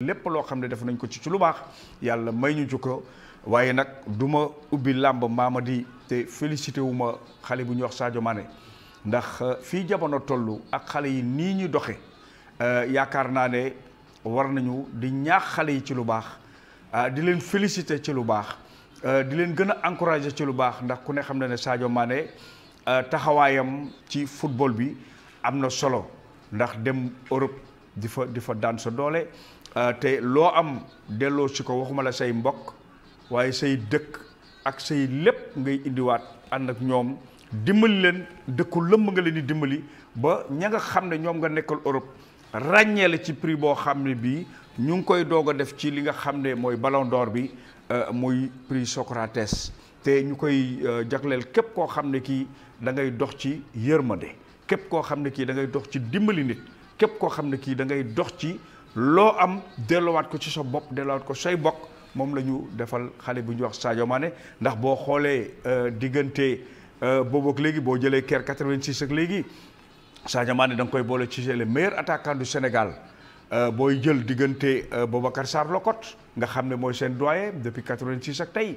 lépp loo xam ne def nañ ko ci ci lu baax yàlla may ñu jukko waaye nag duma ubbi làmb Mamadi te félicité wu ma xale bu ñuy wax saajo Mané ndax euh, fii jamono toll ak xale yi nii ñu doxe euh, yaakaar naa ne war nañu di ñaax xale yi ci lu baax euh, di leen félicité ci lu baax di leen gën a encouragé ci lu baax ndax ku ne xam na ne Sadio Mané taxawaayam ci football bi am na solo ndax dem Europe di fa di fa daan sa doole Euh, te loo am delloo si ko waxuma la say mbokk waaye say dëkk ak say lépp ngay indiwaat ànd ak ñoom dimbali leen dëkkul lëmb nga leen di dimbali ba ña nga xam ne ñoom nga nekkal Europe ràññee la ci prix boo xam ne bii ñu ngi koy doog a def ci li nga xam ne mooy ballon d'or bi euh, muy prix Socrates te ñu koy euh, jagleel képp koo xam ne kii da ngay dox ci yërmande képp koo xam ne kii da ngay dox ci dimbali nit képp koo xam ne kii da ngay dox ci loo am delloowaat ko ci sa bopp dellowaat ko say bokk moom la ñu defal xale bu ñuy wax Sadio Mané ndax boo xoolee euh, diggante euh, boobu ak léegi boo jëlee ker 86 ak léegi Sadio Mané da nga koy boole ci les maire attaquants du Sénégal euh, booy jël diggante Boubacar Sarr Locotte nga xam ne mooy seen doyen depuis 86 ak tey.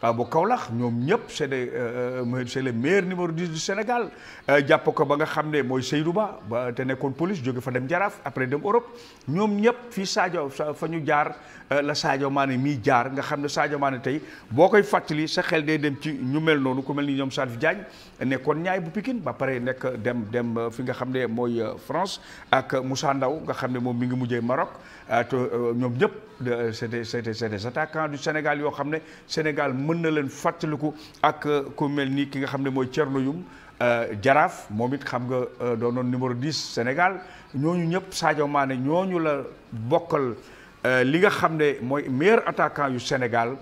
waaw ah, bu Kaolack ñoom ñëpp c' est des euh, euh, c' est le meilleur numéro 10 du Sénégal euh, jàpp ko ba nga xam ne mooy Seydou Ba ba te nekkoon police jóge fa dem Jaraaf après dem Europe ñoom ñëpp fii Sadio fa ñu jaar la Sadio Mané mii jaar nga xam ne Sadio Mané tey boo koy fàttali sa xel day dem ci ñu mel noonu ku mel ñoom Salif Diagne nekkoon ñaay bu Pikine ba pare nekk dem dem fi nga xam ne mooy France ak Moussa Ndaw nga xam ne moom mi ngi mujjee Maroc te ñoom ñëpp c' était c' était c' Sénégal yoo xam ne Sénégal. mën na leen fàttaliku ak euh, ku melni ki nga xam moy mooy euh Youm momit xam nga euh, doonoon numéro 10 Sénégal ñoñu ñëpp Sadio Mané ñoñu la bokal euh li nga xam moy meilleur attaquant du Sénégal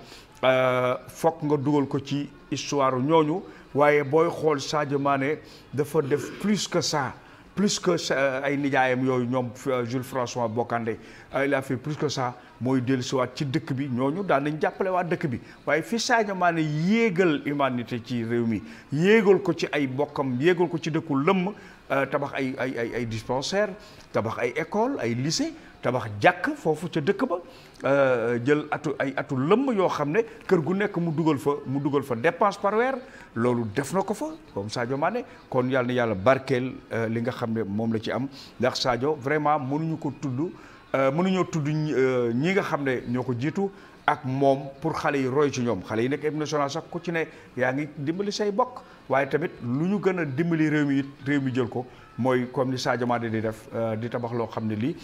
euh fokk nga duggal ko ci histoire ñoñu waye boy xol Sadio Mané dafa def plus que ça plus que euh, ay nijaayam yoy ñom Jules François Bokandé il a fait plus que ça mooy dellusiwaat ci dëkk bi ñooñu daan nañ jàppale waa dëkk bi waaye fi Sadio Mané yéegal umaanité ci réew mi yéegal ko ci ay bokkam yéegal ko ci dëkku lëmm euh, tabax ay ay ay ay dispensaire tabax ay école ay lycée tabax jàkk foofu ca dëkk ba euh, jël atu ay atu lëmm yoo xam ne kër gu nekk mu dugal fa mu dugal fa dépense par weer loolu def na ko fa comme Sadio Mané kon yàlla yàlla barkeel euh, li nga xam ne moom la ci am ndax Sadio vraiment mënuñu ko tudd Euh, mënuñoo tudd euh, ñi nga xam ne ñoo ko jiitu ak moom pour xale yi roy ci ñoom xale yi nekk équipe nationale sax ku ci ne yaa ngi dimbali say bokk waaye tamit lu ñu gën a dimbali réew mi réew mi jël ko mooy comme ni Sadio Mané di def euh, di tabax loo xam ne lii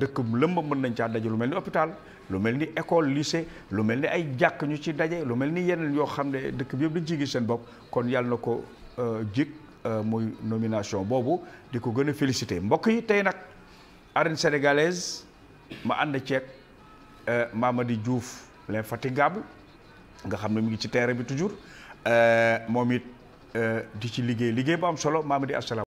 dëkk lëmba mën nañ caa daje lu mel ni hôpital lu mel ni école lycée lu mel ni ay jàkk ñu ci daje lu mel ni yeneen yoo xam ne dëkk bi yëpp dañ ciy gi seen bokk kon yàlla na ko jik muy nomination boobu di ko gën a félicité mbokk yi tey nag. arène sénégalaise ma ànd maam ceeg euh, Mamadi Diouf l'infatigable nga xam ne mu ngi ci terrain bi toujours euh, moom it euh, di ci liggéey liggéey bu am solo di asalaam.